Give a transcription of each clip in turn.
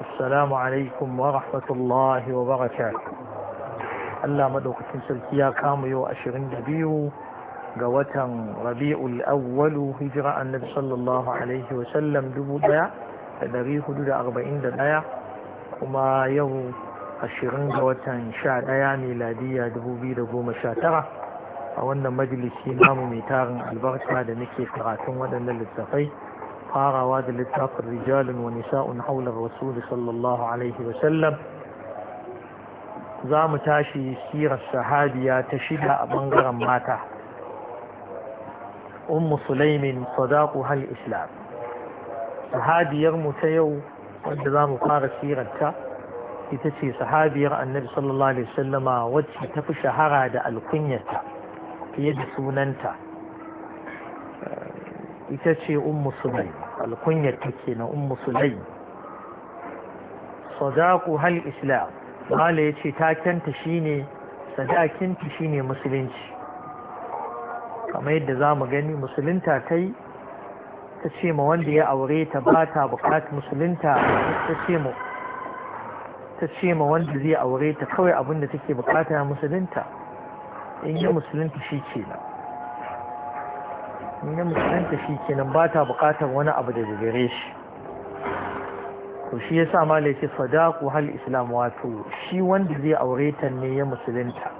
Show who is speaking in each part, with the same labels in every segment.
Speaker 1: السلام عليكم ورحمة الله وبركاته Allah maɗaukacin sarki ya kama yau ashirin da biyu ga watan rabi'ul awwalu hijira annabi sallallahu alaihi wa sallam dubu ɗaya da dari hudu da arba'in da daya kuma yau ashirin ga watan sha ɗaya miladiya dubu biyu da goma sha tara a wannan majalisi namu mai tarin albarka da nake karatun waɗannan littattafai farawa da littafin rijalun wa nisa'un haular rasuli sallallahu alaihi wasallam za mu tashi sirar sahabiya ta shida a bangaren mata ummu sulaimin sadaku hal islam sahabiyar mu ta yau wanda za mu fara sirarta ita ce sahabiyar annabi sallallahu alaihi wasallama wacce ta fi shahara da alkunyarta fiye da sunanta ita ce ummu sulai alkunyar take na ummu sulai sadaku hal islam mala ya ce takenta shine sadakinta shine musulunci kamar yadda za mu gani musulunta ta yi ta ce ma wanda ya aure ta ba ta musulunta ta ce ma ta ce ma wanda zai aure ta kawai abinda take bukata musulunta in yi musulunta shi ke nan in ya musulunta shi kenan ba ta buƙatar wani abu daga gare shi to shi ya sa malai ce sadaku hal islam wato shi wanda zai aure ta ne ya musulunta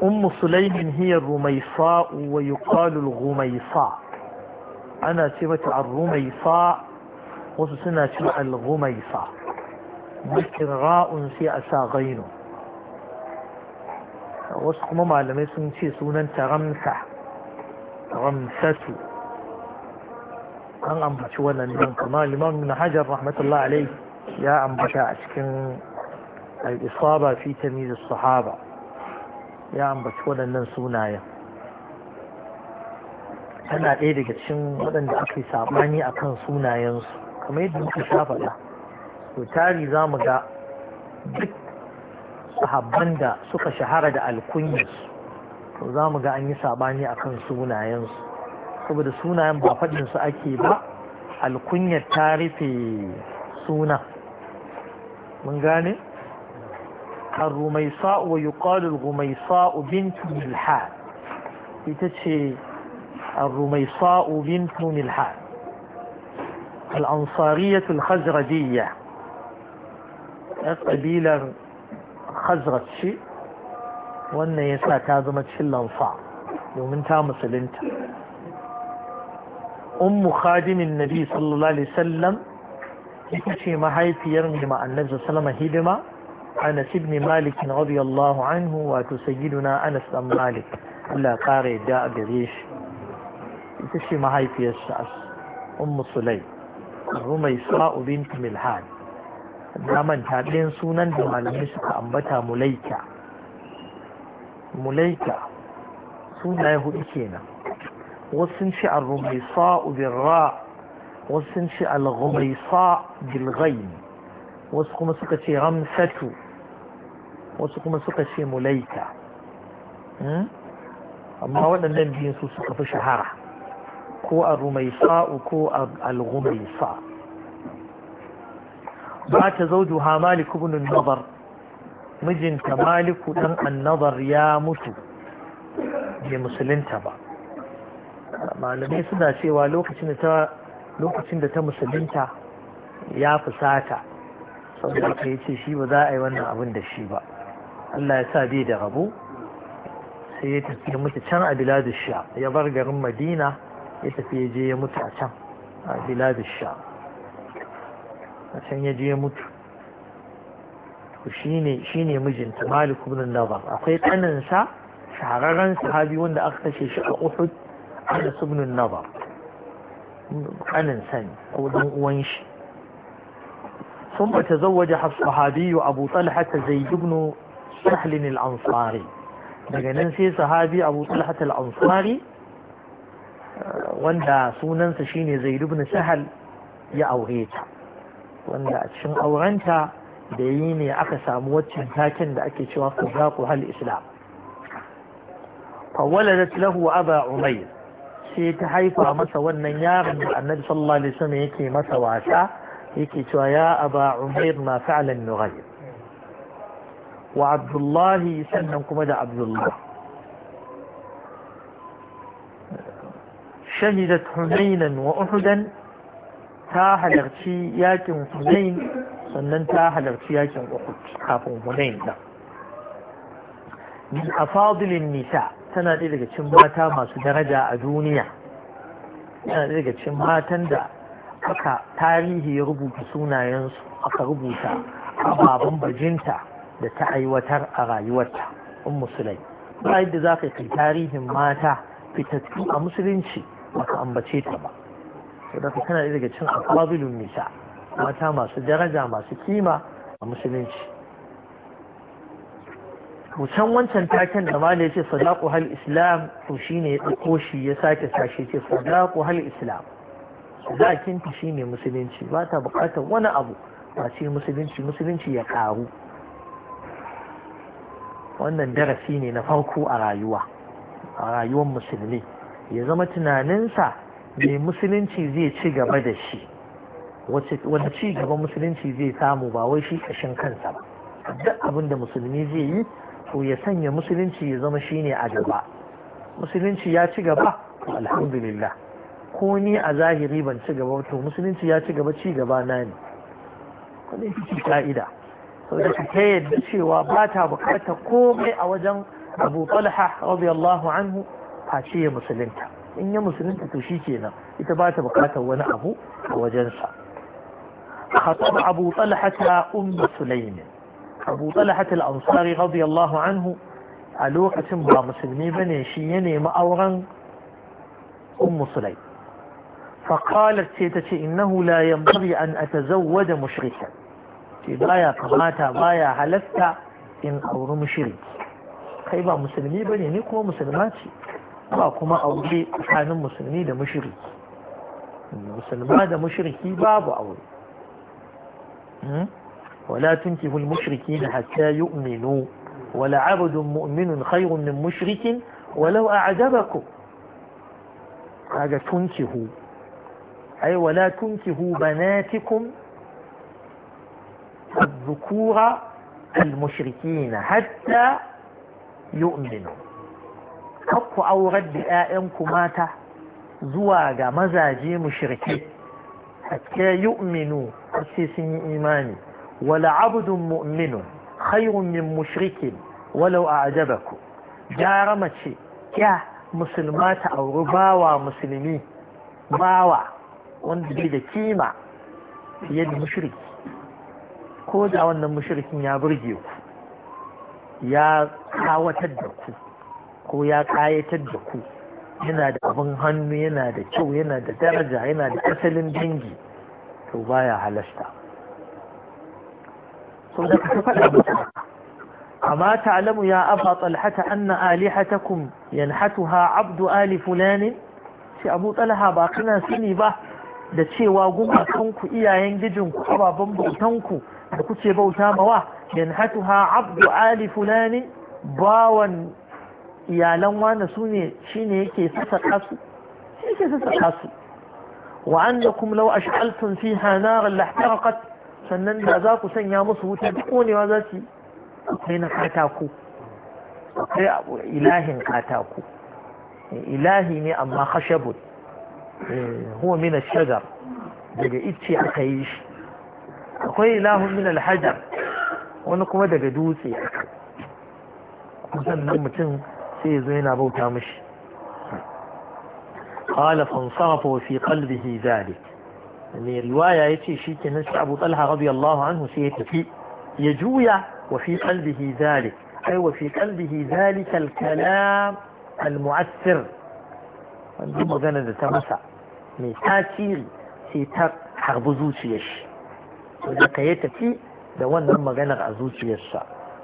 Speaker 1: ummu sulaimin hiya rumaisa wa yuqalu rumaisa ana ce mata ar-rumaisa wasu suna cewa al-rumaisa ra'un sai a sa gainu wasu kuma malamai sun ce sunan taramsa ramsatu an ambaci wannan nan kuma limam na hajar rahmatullah alai ya ambata a cikin al-isaba fi tamiz sahaba ya ambaci waɗannan sunayen tana ɗaya daga cikin waɗanda aka yi saɓani a kan sunayensu kamar yadda muka sha faɗa to tari za mu ga duk sahabban da suka shahara da alkunyarsu to za mu ga an yi sabani a kan sunayensu saboda sunayen ba faɗinsu ake ba alkunyar ta rufe suna mun gane الرميصاء ويقال ce بنت ملحان يتشي الرميصاء بنت ملحان الأنصارية الخزرجية قبيلة khazrat ce wannan ya sa ta zama cikin lansa domin ta musulunta ummu khadimin nabi sallallahu alaihi wasallam ita ce mahaifiyar mai ma'annabi sallama hidima anas ibn malik radiyallahu anhu wato sayyiduna anas dan malik Allah kare da a gare shi ita ce mahaifiyarsa ummu sulay rumaisa'u bint milhan na manta ɗayan sunan da malamai suka ambata mulaika mulaika ya hudu kenan wasu sun ci al-rumaisa ubirra wasu sun ci al-rumaisa bilghain wasu kuma suka ce ramsatu wasu kuma suka ce mulaika hmm? amma waɗannan biyun su suka fi shahara ko a rumaisa'u ko a al-rumaisa mata zau malik ibn an mijinta maliku dan Annabar ya mutu bai musulunta ba malamai suna cewa lokacin da ta lokacin da ta musulunta ya fusata saboda ka yi ce shi ba za a yi wannan abin da shi ba Allah ya sa bai da rabu sai ya tafi ya mutu can a biladu sha ya bar garin madina ya tafi ya je ya mutu a can a biladu sha a can ya je ya mutu to shine mijinta maliku ibn Nadar akwai kaninsa shahararren sahabi wanda aka kashe shi a Uhud Anas ibn Nadar kanin sani ko dan uwan shi ثم تزوج الصحابي أبو طلحة زيد بن سهل الأنصاري daga nan sai sahabi abu talhat al-ansari wanda sunansa shine zaid ibn sahal ya aure ta wanda a cikin aurenta da yi ne aka samu waccan taken da ake cewa ku hal islam fawaladat lahu aba umayr sai ta haifa masa wannan yaron da annabi sallallahu alaihi wasallam yake masa wasa yake cewa ya aba umayr ma fa'ala nughay wa abdullahi sannan kuma da abdullah shahidat hunaynan wa uhudan ta halarci yakin hunain sannan ta halarci yakin uhud kafin hunain da min afadilin nisa tana ɗaya daga cikin mata masu daraja a duniya tana ɗaya daga cikin matan da aka tarihi ya rubuta sunayensu aka rubuta ababen bajinta da ta aiwatar a rayuwarta in musulai ba yadda za ka kai tarihin mata fitattu a musulunci baka ambace ta ba saboda tana daga cin akwabilun nisa mata masu daraja masu kima a musulunci wucan wancan taken da malai ce sadaku hal islam to shine ya ɗauko shi ya sake sashe ce sadaku hal islam sadakin ta shine musulunci ba ta buƙatar wani abu ba ce musulunci musulunci ya ƙaru wannan darasi ne na farko a rayuwa a rayuwar musulmi ya zama tunaninsa mai musulunci zai ci gaba da shi wanda ci gaba musulunci zai samu ba wai shi kashin kansa ba duk abin da musulmi zai yi to ya sanya musulunci ya zama shi ne a gaba musulunci ya ci gaba alhamdulillah ko ni a zahiri ban ci gaba to musulunci ya ci gaba ci gaba na ne kuma ya fi ka'ida saboda ta yadda cewa ba ta bukatar komai a wajen abu talha radiyallahu anhu face musulunta in ya musulunta to shi kenan ita ba ta bukatar wani abu a wajensa خطب أبو طلحة أم سليم أبو طلحة الأنصاري رضي الله عنه ألوكة با مسلمي بني شيني ما أورن أم سليم فقالت سيتتي إنه لا ينبغي أن أتزوج مشركا بايا قماتا بايا حلفتا إن أور مشرك كيبا مسلمي بني نكو مسلماتي ba kuma aure tsakanin musulmi da mushriki musulma da mushriki babu aure ولا تنكه المشركين حتى يؤمنوا ولا عبد مؤمن خير من مشرك ولو أعجبكم هذا تنكه أي ولا تنكه بناتكم الذكور المشركين حتى يؤمنوا ku aurar da 'ya'yanku mata zuwa ga mazaje mushrikai hatta yu'minu sai sun yi imani wala abudu mu'minun khairun min mushrikin walau a'jabakum Gyara mace ya musulma ta auri bawa musulmi bawa wanda bai da kima fiye da mushriki ko da wannan mushrikin ya burge ku ya kawatar da ku ko ya kayatar da ku yana da abin hannu yana da kyau yana da daraja yana da asalin dangi to baya halasta so da ka faɗa musu أما تعلم يا أبا طلحة أن آلهتكم ينحتها عبد آل فلان شي أبو طلحة باقنا سني da cewa ku iyayen gijinku ababen bautanku da kuke bauta mawa yanhatuha abdu ali fulani bawan iyalan wani su ne shi ne yake sassaƙa su yake sassaƙa su wa kuma law ash'altum fiha naran lahtaraqat sannan da za ku sanya musu wuta duk konewa za su akwai na katako ilahin katako eh, ilahi ne amma khashabun eh, huwa min ash-shajar daga icce aka yi shi akwai ilahun min al-hajar wani kuma daga dutse sannan mutum sai zo yana bauta mishi qala fansarafa wa fi qalbihi zalik mai riwaya yace shikenan sai Abu Talha radiyallahu anhu sai ya tafi ya juya wa fi qalbihi zalik ai wa fi qalbihi zalika al-kalam al-mu'assir wannan magana da ta masa mai tasiri sai ta harbi zuciyar shi da ka ya tafi da wannan maganar a zuciyarsa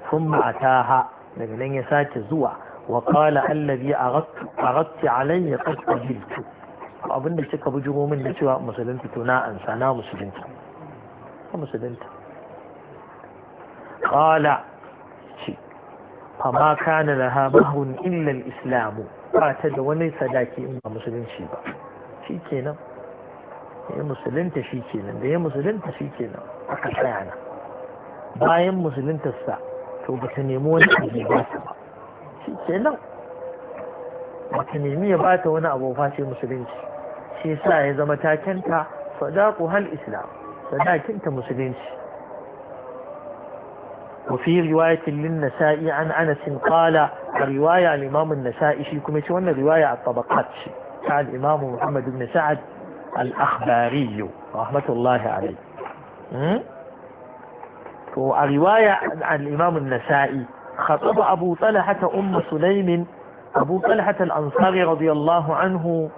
Speaker 1: sun ma'ataha daga nan ya sake zuwa وقال الذي اردت اردت علي قد قبلت اظن الشك بجمو من نشوى مسلمت تناء سنا مسلمت مسلمت قال فما كان لها مهر إلا الإسلام قاتل وليس ذاكي إما مسلم شيبا شي كينا هي مسلمت شي كينا هي مسلمت شي كينا أكثر يعني باين مسلمت الساعة توبة نيمون أجيباتها shi kenan wata nemi ya bata wani abu face musulunci shi sa ya zama takenta sadaku hal islam sadakinta musulunci وفي رواية للنسائي عن أنس قال الرواية عن الإمام النسائي شي كما يقولون رواية عن الطبقات شي قال الإمام محمد بن سعد الأخباري رحمة الله عليه م? ورواية عن الإمام النسائي خطب أبو طلحة أم سليم أبو طلحة الأنصاري رضي الله عنه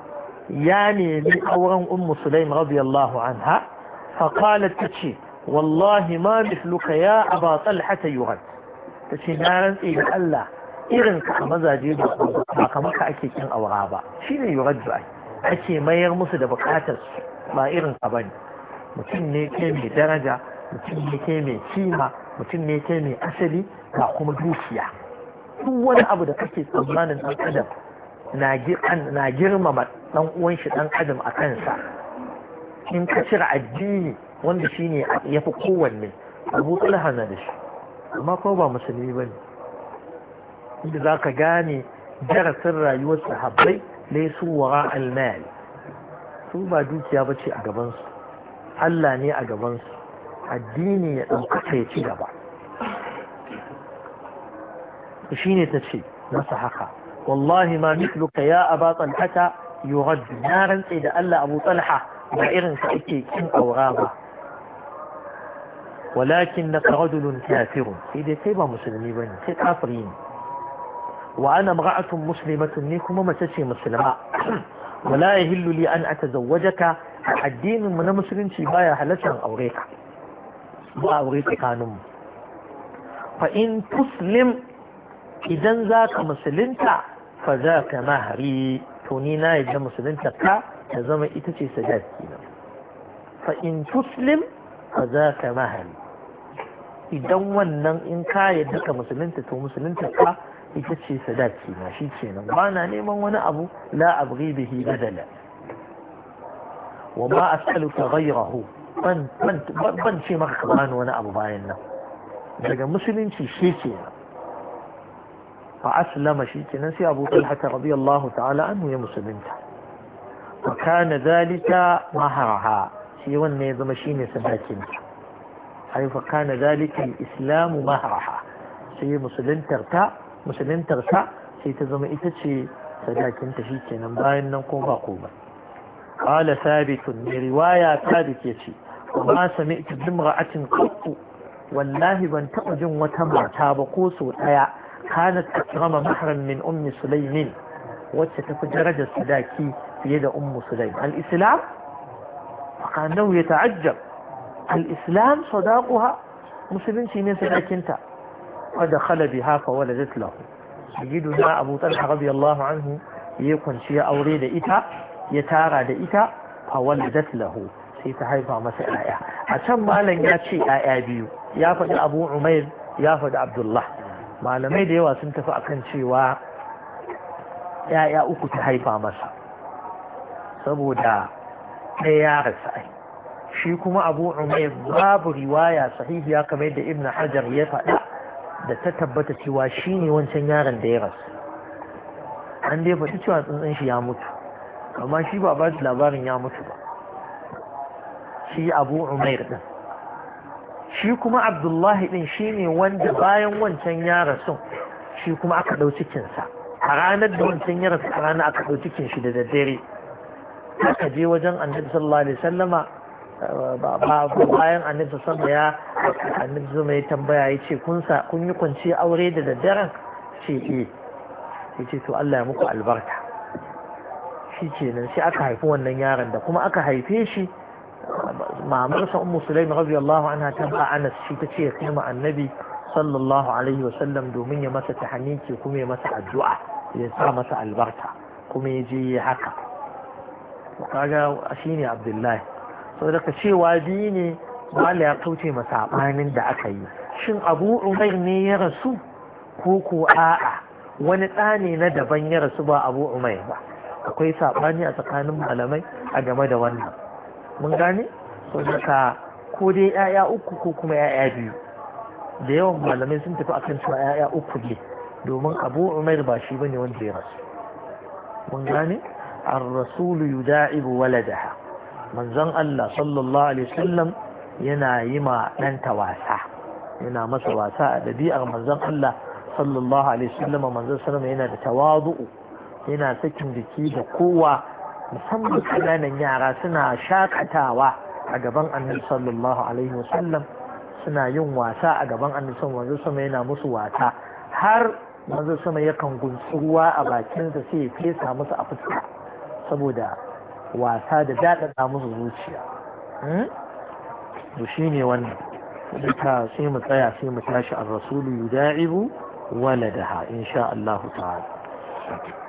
Speaker 1: يعني لأورا أم سليم رضي الله عنها فقالت تشي والله ما مثلك يا أبا طلحة يغد تشي نارا إلى الله irin ka a mazaje ba kamar ka ake kin aura ba shine yuraddu ai ake mayar musu da bukatar su ba irin ka mutum ne ke daraja mutum ne ke mai kima mutum ne kai mai asali ga kuma dukiya duk wani abu da kake tsammanin ɗan adam na girmama ɗan uwan shi ɗan adam a kansa in ka cire addini wanda shi ne ya fi kowanne abu na da shi amma kuma ba musulmi ba ne inda za ka gane darasin rayuwar sahabbai laisu wara almal su ba dukiya ba ce a gabansu Allah ne a gabansu addini ya ɗaukaka ya ci gaba shi ne ta ce masa haka wallahi ma misluka ya aba talhata yurad na rantse da Allah abu talha ba irin sa ake kin aura ba walakin na rajulun kafirun sai dai kai ba musulmi bane sai kafiri ne wa ana mar'atun muslimatun ne kuma mace ce musulma wala yahillu li an atazawwajaka addinin mu na musulunci baya halartar aure ka ba aure tsakaninmu fa in tuslim idan za ka musulunta fa za ka mahari to ni na yadda musulunta ka ta zama ita ce sadaki na fa in tuslim fa za ka mahari idan wannan in ka yadda ka musulunta to musulunta ka ita ce sadaki na shi kenan ba na neman wani abu la abri bihi badala wa ma as'aluka ghayrahu ban ce maka ka wani abu bayan nan daga musulunci shi ke fa aslama shi ke nan sai abu talhata radiyallahu ta'ala anhu ya musulunta fa kana zalika maharaha shi wannan ya zama shine sadakin ai fa kana zalika islamu maharaha sai musuluntar ta musuluntar sa sai ta zama ita ce sadakinta shi kenan bayan nan ko ba ko ba qala thabit ne riwaya thabit ba sami ɗimra'atin kurku wallahi ban taɓa jin wata mata ba ko sau ɗaya kanat a kirama mahram min ummi sulaimin wacce ta fi darajar sadaki fiye da ummu sulaim al-islam fakanau ya ta'ajjab al-islam sadaquha musulunci ne sadakinta wadda khala bi hafa wala zislahu sayyidu na abu talha radiyallahu anhu ya kwanci ya aure da ita ya tara da ita fa wala zislahu sai ta haifa masa ‘ya'ya a can malam ya ce ‘ya'ya biyu ya faɗi abu umair ya faɗi abdullah malamai da yawa sun tafi akan cewa ‘ya'ya uku ta haifa masa saboda ɗaya ya rasa shi kuma abu umair babu riwaya sahihiya kamar da ibn hajar ya faɗa da ta tabbata cewa shi ne wancan yaron da ya rasu an dai faɗi cewa tsuntsun shi ya mutu amma shi ba ba labarin ya mutu ba shi abu umair din shi kuma abdullahi din shi ne wanda bayan wancan ya rasu shi kuma aka ɗau cikinsa a ranar da wancan ya rasu a ranar aka ɗau cikin shi da daddare aka je wajen annabi sallallahu alaihi sallama bayan annabi sallallahu ya annabi ya tambaya ya ce kun kun yi kwanci aure da daddaren ce eh ya ce to Allah ya muku albarka shi kenan sai aka haifi wannan yaron da kuma aka haife shi mamarsa ummu sulaim radiyallahu anha ta ba anas shi ta ce kai ma annabi sallallahu alaihi wasallam domin ya masa ta tahaniki kuma ya masa addu'a ya sa masa albarka kuma ya je ya haka kaga shine abdullahi da ka cewa biyu ne wala ya kauce masabanin da aka yi shin abu umair ne ya rasu ko ko a'a wani ne na daban ya rasu ba abu umair ba akwai saɓani a tsakanin malamai a game da wannan mun gane saboda ko dai 'ya'ya uku ko kuma 'ya'ya biyu da yawan malamai sun tafi akan cewa 'ya'ya uku ne domin abu umar ba shi bane wanda ya rasu mun gane ar-rasulu yuda'ibu waladaha manzon Allah sallallahu alaihi wasallam yana yi ma dan wasa yana masa wasa a dabi'ar manzon Allah sallallahu alaihi wasallam manzon sallama yana da tawadu'u yana sakin jiki da kowa musamman kananan yara suna shakatawa a gaban annabi sallallahu alaihi wasallam suna yin wasa a gaban annabi sallallahu sama yana musu wasa har manzo sama yakan gunsu ruwa a bakinsa sai ya fesa musu a fuska saboda wasa da daɗaɗa musu zuciya hmm? to ne wannan ta sai mu tsaya sai mu tashi a rasulu yuda'ibu waladaha insha Allah ta'ala